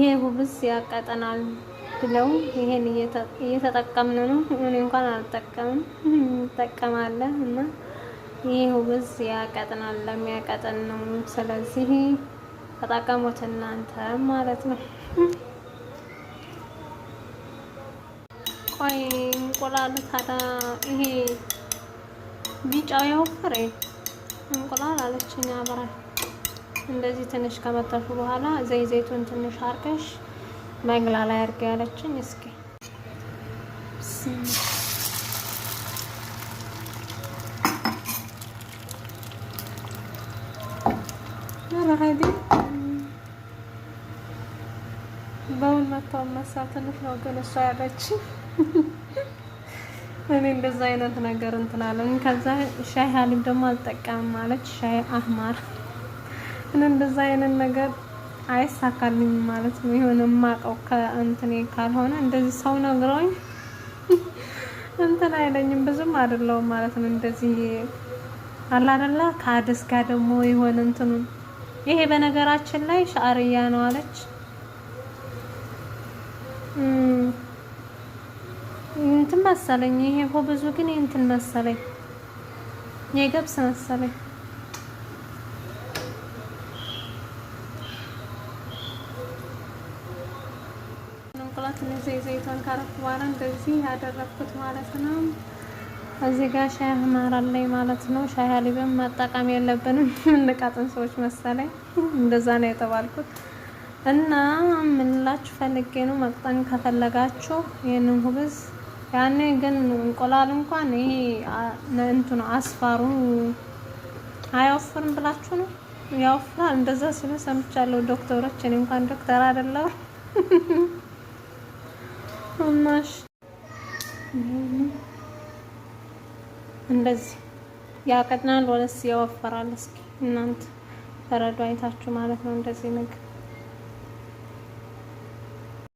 ይሄ ጉብስ ያቀጠናል ብለው ይሄን እየተጠቀምን ነው። እኔ እንኳን አልጠቀምም፣ እንጠቀማለን እና ይሄ ጉብስ ያቀጥናል፣ ለሚያቀጥን ነው። ስለዚህ ተጠቀሙት እናንተ ማለት ነው። ቆይ እንቁላል ታዲያ ይሄ ቢጫው የወፈሬ እንቁላል አለችኝ አብራል እንደዚህ ትንሽ ከመተፉ በኋላ ዘይ ዘይቱን ትንሽ አርገሽ መግላ ላይ አርገ ያለችን እስኪ በውን መሳ ትንሽ ነው ግን እሷ እኔ እንደዛ አይነት ነገር እንትን ከዛ ሻይ ሀሊብ ደግሞ አልጠቀምም ማለች ሻይ አህማር ግን እንደዛ አይነት ነገር አይሳካልኝ ማለት ነው። የሆነ ማቀው ከእንትኔ ካልሆነ እንደዚህ ሰው ነግረውኝ እንትን አይለኝም ብዙም አይደለውም ማለት ነው። እንደዚህ አላ አይደለ ጋር ደግሞ የሆነ እንትኑ ይሄ በነገራችን ላይ ሻርያ ነው አለች እንትን መሰለኝ። ይሄ ብዙ ግን እንትን መሰለኝ የገብስ መሰለኝ ቁላ ትንሽ ዘይ ዘይቱን ካረኩ በኋላ እንደዚህ ያደረኩት ማለት ነው። እዚህ ጋር ሻይ ማራለኝ ማለት ነው። ሻይ ሀሊብም መጠቀም የለብንም እንቃጥን ሰዎች መሰለኝ እንደዛ ነው የተባልኩት። እና ምንላችሁ ፈልጌ ነው መቅጠን ከፈለጋችሁ ይህንን ሁብዝ ያኔ ግን እንቁላል እንኳን ይሄ ነው አስፋሩ አያወፍርም ብላችሁ ነው ያወፍራል እንደዛ ሲሉ ሰምቻለሁ ዶክተሮች። እኔ እንኳን ዶክተር አይደለሁም። አማሽ እንደዚህ ያቀጥናል ወለስ ያወፈራል። እስኪ እናንተ ፈረዱ አይታችሁ ማለት ነው እንደዚህ ምግብ